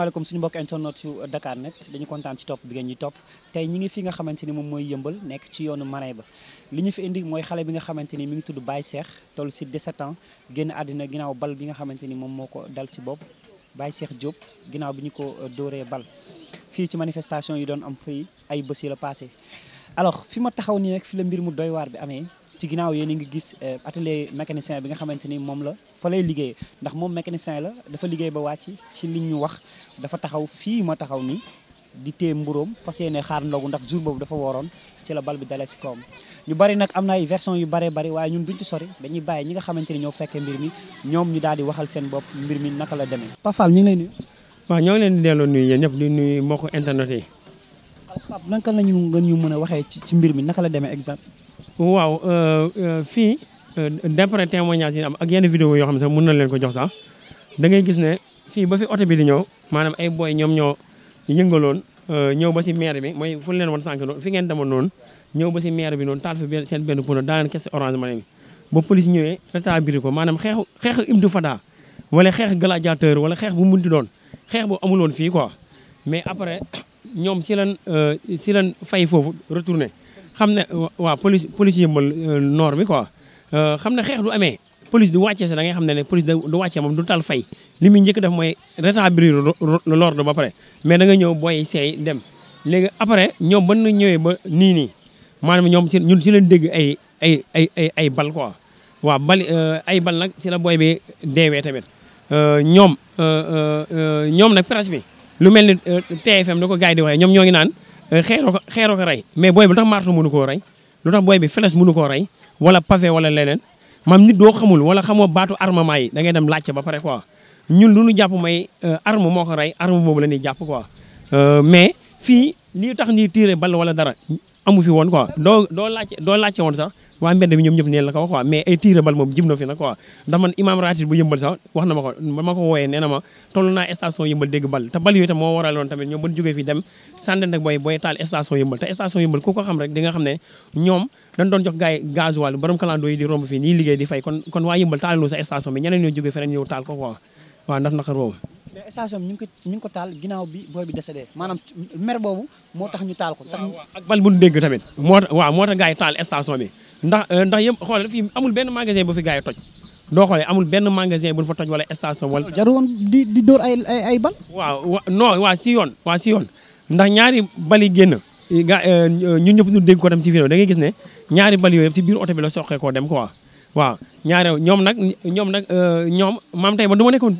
asalaamaaleykum suñu mbokk internet yu Dakar net dañu kontaan ci topp bi ngeen ñuy topp tey ñi ngi fi nga xamante ni moom mooy yëmbal nekk ci yoonu Mané ba li ñu fi indi mooy xale bi nga xamante ni mi ngi tudd Baye Cheikh toll si 17 ans génn àddina ginnaaw bal bi nga xamante ni moom moo ko dal ci bopp Baye Cheikh Diop ginnaaw bi ñu ko euh, dóoree bal fii ci manifestation yi doon am fii ay bés la passé alors fi ma taxaw nii nag fi la mbir mu doy waar bi amee ci ginnaaw yéen a ngi gis euh, atelier mécanicien bi nga xamante ni moom la fa lay liggéey ndax moom mécanicien la dafa liggéey ba wàcc ci li ñu wax dafa taxaw fii ma taxaw nii di téye mburóom fas yéene xaar ndogu ndax jour boobu dafa wooroon ci la bal bi dalee si koom ñu bari nag am na ay version yu baree bari waaye ñun duñ ci sori dañuy bàyyi ñi nga xamante ni ñoo fekkee mbir mi ñoom ñu daal di waxal seen bopp mbir mi naka la demee. Pape ñu ngi lay nuyu. ñoo leen di delloo nuyu yéen ñëpp di nuyu mbokku internet yi. ñu nga ñu mën a waxee ci mbir mi naka la demee exact waaw euh, euh, fii euh, d'après témoignage yi am ak yenn vidéo yoo xam ne sax mun na leen ko jox sax dangay gis ne fii ba fi oto bi di ñëw maanaam ay booy ñoom ñoo yëngaloon ñëw ba si maire bi mooy fu leen woon sànq noonu fi ngeen demoon noonu ñëw ba si maire bi noonu taal fi seen benn pono daa leen kese orange money ba police ñëwee rétablir ko maanaam xeexu xeexu Hibou Fata wala xeex gladiateur wala xeex bu mu munti doon xeex bu amuloon fii quoi mais après ñoom si lan si lan fay foofu retourné xam ne waaw police police yëmbal euh, noor bi quoi euh, xam ne xeex du amee police du wàccee sax da ngay xam ne ne police du wàccee moom du tal fay li muy njëkk def mooy rétablir l'ordre ba pare mais da nga ñëw booy seey dem léegi après ñoom ban na ñëwee ba nii nii maanaam ñoom si ñun si leen dégg ay ay ay ay ay bal quoi waaw bal euh, ay bal nag si la booy bi deewee tamit ñoom ñoom nag presse bi lu mel ni TFM da ko gars yi di waxee ñoom ñoo ngi naan Euh, xeeroo ko xeeroo rey mais booy bi lu tax marto mënu koo rey lu tax booy bi feles mënu koo rey wala pavé wala leneen maam nit doo xamul wala xamoo baatu armement yi da ngay dem laajte ba pare quoi ñun lu ñu jàpp may euh, arme moo ko rey arme boobu la ñuy jàpp quoi euh, mais fii lii tax nii tiire bal wala dara amu fi woon quoi doo doo laajte doo laajte woon sax waa mbedd mi ñoom ñëpp neen la ko wax quoi mais ay tiira bal moom jëm na fi nag quoi ndax man imaam ratib bu yëmbal sax wax na ma ko ma wooyee nee ma toll naa station yëmbal dégg bal te bal yooyu tam moo waraloon tamit ñoom boobu moo tax ñu taal ko bal bu ñu dégg tamit moo waaw moo tax taal station bi ndax euh, ndax yëpp xoolal fii amul benn magasin bu fi gars yi toj doo xoolee amul benn magasin bu ñu fa toj wala station wala. woon di di dóor ay ay ay bal. waaw non waa si yoon waa si yoon ndax ñaari bal bali génn. ga euh, ñun ñëpp ñu dégg ko tam si vidéo da ngay gis ne ñaari bal yooyu yëpp si bi la soqee koo dem quoi waaw ñaari ñoom nag ñoom nag euh, ñoom maam tey nekkoon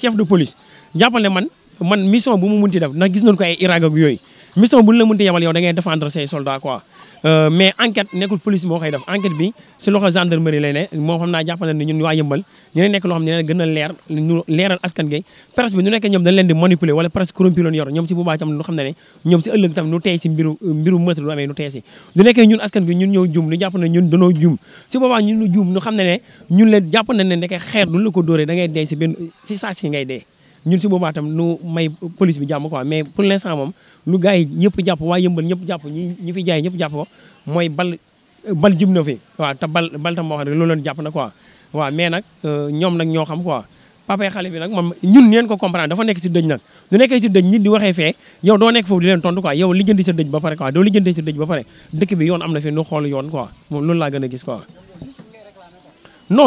chef de police jàppale man man mission bu mu munti def ndax gis nañu ko ay Irak ak yooyu mission bu ñu la munti yebal yow da ngay défendre say soldats Euh, mais enquête nekkul police moo koy def enquête bi si loxo gendarmerie lay ne moo xam naa jàpp ne ñun waa yëmbal loo xam ne gën a leer ñu leeral askan gi leen di manipuler wala presse corrompu loon yor ñoom si boobaa tam ñu xam ne ne ñoom si ñun askan bi ñun ñoo ñu jàpp ne ñun danoo juum si boobaa ñun ñu juum ñu xam ne ne ñun leen jàpp na ne ndeke xeer du la ko dóoree da ngay dee si benn si saa si ngay dee ñun si boobaa tam nu may police jàmm mais pour l'instant moom lu gars yi ñëpp jàpp waa jàpp ñi ñi fi jaay ñëpp jàpp ko mooy bal bal jub na fi waaw te bal bal tam moo xam ne loolu leen jàpp euh, ñoom nag ñoo xam quoi papay xale bi nag moom ñun neen ko comprendre dafa nekk si dëj nag du nekkee si dëj nit di waxee fee yow doo nekk foofu di leen tontu quoi yow lijjanti sa dëj ba pare quoi doo lijjanti sa dëj ba dëkk bi yoon am na fi nu xool yoon quoi moom loolu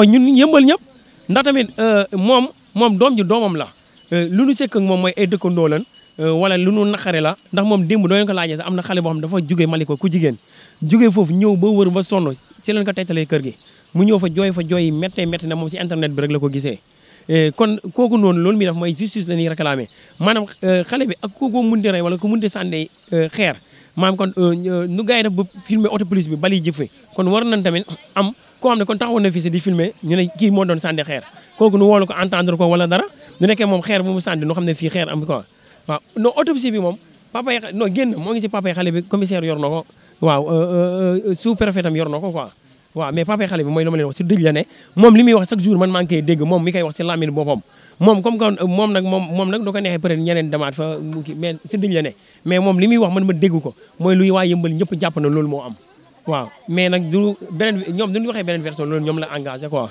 ñun yëmbal ñëpp ndax tamit euh, moom moom doom ji doomam la Euh, lu nu sëkk moom mooy ay dëkkandoo lan euh, wala lu nu naqare la ndax moom démb doo leen ko laajee sax am na xale boo xam dafa jóge Maliko jigéen jóge foofu ñëw ba wër ba sonn si leen ko tegtalee kër gi mu ñëw fa jooy fa jooy méttee métti na moom si internet bi la ko gisee euh, kon kooku noonu loolu muy def mooy justice la ñuy réclamer maanaam xale bi ak kooku munti rey wala ko munti sande xeer maanaam kon nu gars yi def ba filmer auto police bi kon war nañ tamit am koo ne kon taxawoon na fii si di filmer ñu ne kii moo doon sànni xeer kooku nu woolu ko entendre ko wala dara du nekkee moom xeer bu mu sànni noo xam ne fii xeer am quoi waaw non autopsie bi moom papa yi non génn moo ngi si papa yi xale bi yor na ko waaw euh, euh, euh, sous préfet yor na ko quoi waaw mais papa yi xale mooy li moom li muy wax chaque jour man maa ngi koy moom mi koy wax si lamine boppam moom comme que moom nag moom moom nag doo ko neexee peut être dëj la ne moom li muy wax man ma dégg ko mooy luy waa yëmbal ñëpp jàpp na loolu moo am waaw mais nag du beneen ñoom duñu waxee beneen version loolu ñoom la engagé ko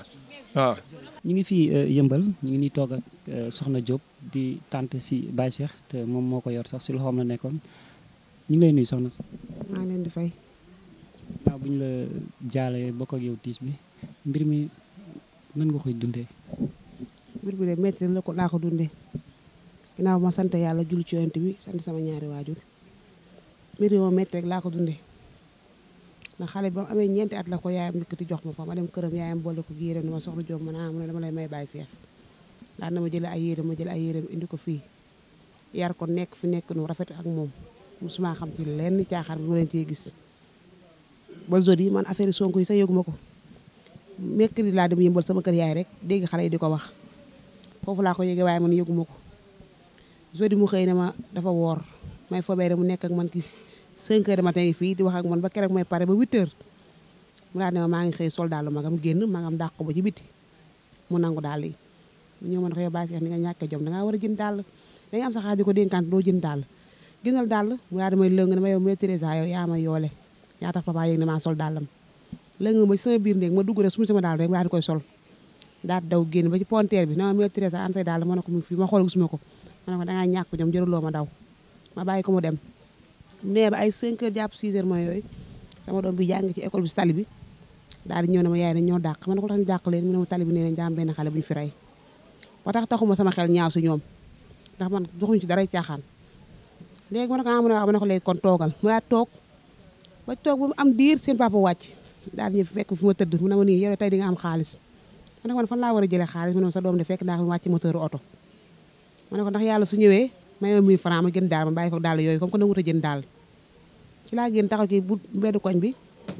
waaw ñu ngi fii euh, yëmbal ñu ngi ni toog ak euh, soxna Diop di tante si Baye Cheikh te moom moo ko yor sax si loxoom la nekkoon ñu ngi lay nuyu soxna si. maa leen di fay. waaw bu la jaalee bokk yow tiis bi mbir mi nan nga koy dundee. mbir mi de métti la ko laa ko dundee ginnaaw ma sant yàlla julli ci bi sant sama ñaari waajur mbir mi moom métti rek laa ko dundee. na xale bi ba mu amee ñeenti at la ko yaayam yëkkati jox ma fa ma dem këram yaayam boole ko gi yéreem ni ma soxla joom mën a ah, am ne dama may bàyyi seex na ma jëlee ay yéreem ma jël ay yéreem indi ko fii yar ko nekk fi nekk nu rafet ak moom musuma xam ci lenn caaxaan bi ma leen gis ba zone yi man affaire Sonko yi sax yëguma ko mercredi laa dem yëmbal sama kër yaay rek dégg xale yi di ko wax foofu laa ko yëgee waaye man yëguma ko zone mu xëy na ma dafa woor may fobee rek mu nekk ak man gis 5 ma du fii di wax ak man ba keroog may pare ba 8 heures mu daal ne ma maa ngi xëy sol daal lu magam génn magam dàq ko ci biti mu nangu daal yi ñoo mën ko yow bàyyi seex ni nga ñàkkee jom da ngaa war a daal da nga am sa di ko dénkaan doo jënd daal gënal daal mu daal damay lëng ne ma yow maîtrise yow yaa ma yoole yaa tax papa yéeg ne maa sol daalam lëng ma ci biir néeg ma dugg rek su ma daal rek mu daal di koy sol daal daw génn ba ci ponteer bi ne ma maîtrise an daal ma ne ko mu fii ma xool gisuma ko ma ne ko dangaa ñàkk jom jëraloo ma daw ma bàyyi ko mu dem nee ba ay 5 heures jàpp 6 heures mooy yooyu sama doom bi jàng ci école bi si tali bi daal di ñëw ne ma yaay nañ ñoo dàq ma ne ko tax ñu dàq tali bi nee nañ daam benn xale bu ñu fi rey ba tax sama xel ñaaw si ñoom ndax man joxuñu ci daray caaxaan léegi ma ne ko ah ma ne wax ma ko léegi kon toogal mu daal toog ba toog ba mu am diir seen papa wàcc daal di fekk fi ma tëdd mu ne ma nii yow tey di nga am xaalis ma ne ko laa war a jëlee xaalis mu ne ma sa doom de fekk daa fi wàcc moteur oto ma ne ko ndax yàlla su ñëwee may 1000 francs ma jënd daal ma bàyyi foog daal yooyu comme que nanguut a jënd daal ci laa génn taxaw ci bu mbeddu koñ bi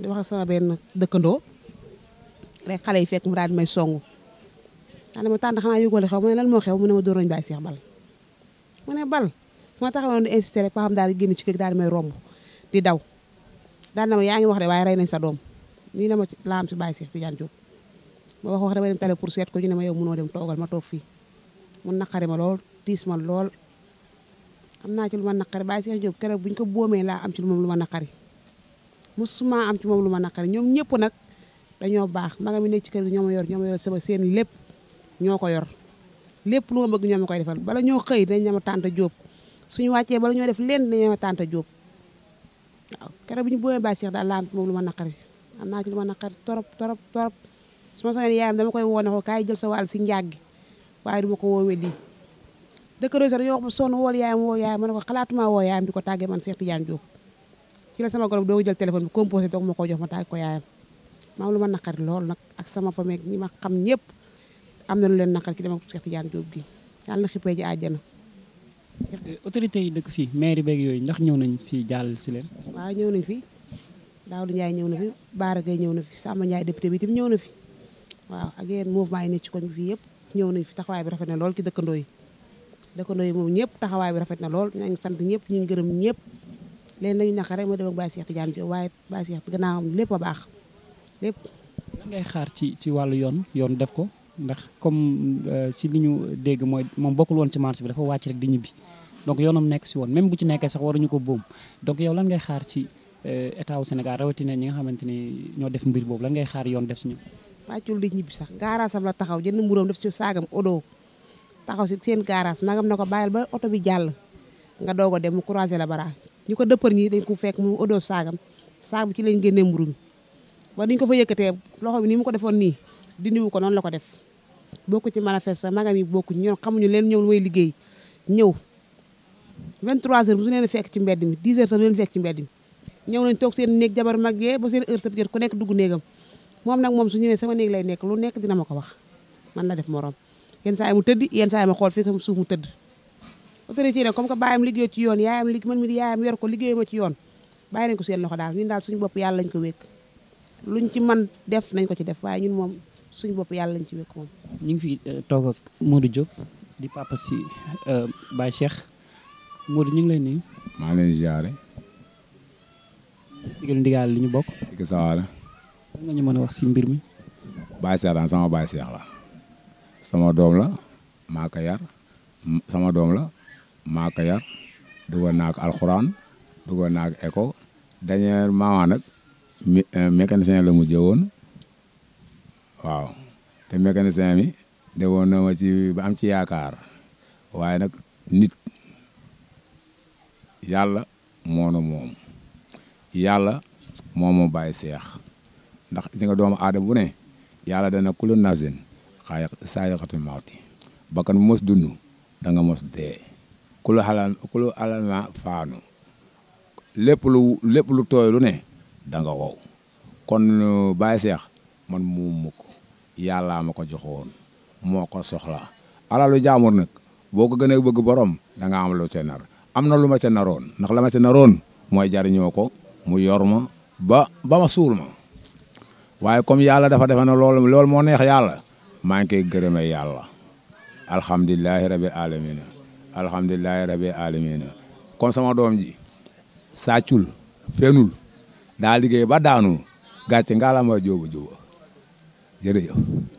di wax ak sama benn dëkkandoo rek xale yi fekk mu daal di may songu daal ma tànn xanaa yëgoo la xew ma ne lan moo xew mu ne ma dóor nañu bàyyi seex bal mu ne bal fu ma taxawoon di insisté rek ba xam di génn ci kër daal di may romb di daw daal na ma yaa ngi wax de waaye rey nañ sa doom nii na ma laa am si bàyyi seex Tijaan Jóob ma wax wax dama dem tale pour seet ko ñu ne ma yow mënoo dem toogal ma toog fii mu naqari ma lool tiis ma lool am naa ci lu ma naqari Baye Cheikh Diop keroog bu ñu ko boomee laa am ci moom lu mu naqari mosuma am ci moom lu ma naqari ñoom ñëpp nag dañoo baax ma nga mi nekk kër gi ma yor ñoo ma seen lépp ñoo ko yor lépp lu ma bëgg ñoo koy defal bala ñoo xëy dañ ñama tànta Diop suñu wàccee bala ñoo def leen dañ ñama tànta Diop bu ñu boomee Baye Cheikh daal laa am ci moom lu ma naqari am naa ci lu ma naqari torop torop torop su ma soxee yaayam dama koy woo ne ko kaay jël sa wàll si njàggi waaye du ma ko woowee lii dëkkandoo sax dañoo wax ba sonn wool yaayam woo yaayam ma ne ko xalaatuma woo yaayam di ko tàggee man Cheikh Tidiane Diop ci la sama gorob doo jël téléphone bi composé doog ko jox ma tàgg ko yaayam maam lu ma naqari lool nag ak sama famille ñi ma xam ñëpp am na lu leen naqari ci dama Cheikh Tidiane Diop gi yàlla na xippee ji àjjana eh, autorité yi dëkk fii maire beeg yooyu ndax ñëw nañ fii jàll si leen waaw ñëw nañ fii Daawdu Njaay ñëw na fi Baara Gaye ñëw na fi Samba ñaay député bi itam ñëw na fi waaw ak yéen mouvement yi ne ci koñ bi fii yëpp ñëw nañ fi taxawaay bi rafe na lool ci dëkkandoo yi dëkkandoo yi moom ñëpp taxawaay bi rafet na lool ñu ngi sant ñëpp ñu ngi gërëm ñëpp leen lañu naqare rek ma dem ak Baye Cheikh Tidiane Diop waaye Baye Cheikh gannaawam lépp a baax lépp lan ngay xaar ci ci wàllu yoon yoon def ko ndax comme euh, ci li ñu dégg mooy moom bokkul woon ci marché bi dafa wàcc rek di ñibbi donc yoonam nekk si woon même bu ci nekkee sax waruñu ko boom donc yow lan ngay xaar ci euh, état wu Sénégal rawatina ñi nga xamante ni ñoo def mbir boobu lan ngay xaar yoon def si ñu wàccul di ñibbi sax gaaraasam la taxaw jënd mburóom def si saagam odo taxaw si seen garage nangam na ko bàyyil ba oto bi jàll nga doog a dem mu croisé la bara ñu ko dëppar ñi dañ ko fekk mu odoo saagam saag bi ci lañ génnee mburu mi ba niñ ko fa yëkkatee loxo bi ni mu ko defoon nii dindiwu ko noonu la ko def bokku ci manifeste magam yi bokku ñoom xamuñu leen ñoom mooy liggéey ñëw 23 heures bu su leen fekk ci mbedd mi 10 heures sax du leen ci mbedd mi ñëw nañ toog seen néeg jabar mag yee bu seen heure tëdd jot ku nekk dugg néegam moom nag moom su ñëwee sama néeg lay nekk lu nekk dina ma ko wax man la def morom yenn saa yi mu tëdd yenn saa ma xool fii ko suuf mu tëdd autorité yi nag comme que bàyyam liggéey ci yoon yaayam liggéey man mi yaayam yor ko liggéey ma ci yoon bàyyi nañ ko seen loxo daal ñun daal suñu bopp yàlla lañ ko wékk luñ ci man def nañ ko ci def waaye ñun moom suñu bopp yàlla lañ ci wékk moom ñu ngi fi euh, toog ak Modou Diop di papa si euh, Baye Cheikh Modou ñu ngi lay nuyu maa ngi leen di jaare lu ndigaal li ñu bokk sigi sawaala nga ñu mën a wax si mbir mi Baye Cheikh la sama doom la maa ko yar sama doom la maaka ko yar naak naa ko alxuraan dugal naa ko école dernièrement nag euh, mécanicien la mu jëwoon waaw te mécanicien mi de woon na ma ci ba am ci yaakaar waaye nag nit yàlla moo nu moom yàlla moo ma bàyyi seex ndax si nga doomu aadama bu ne yàlla dana kula nasin xaay saayaqatul mawti bakkan mos dund da nga mos dee ku la xalaan faanu lépp lu lépp lu tooy lu ne da nga wow kon Baye Cheikh man mu mukk yàllaa ma ko joxoon moo ko soxla alalu jaamur nag boo ko gënee bëgg borom danga am lu ca nar am na lu ma ca naroon ndax la ma ca naroon mooy jariñoo ko mu yor ma ba ba ma suul ma waaye comme yàlla dafa defe na moo neex yàlla maa ngi koy gërëme yàlla alhamdulilahi rabil alamina alhamdulilahi rabil alamina comme sama doom ji sàccul fenul daa liggéey ba daanu gàcce ngaalama jóoba jóoba jërëjëf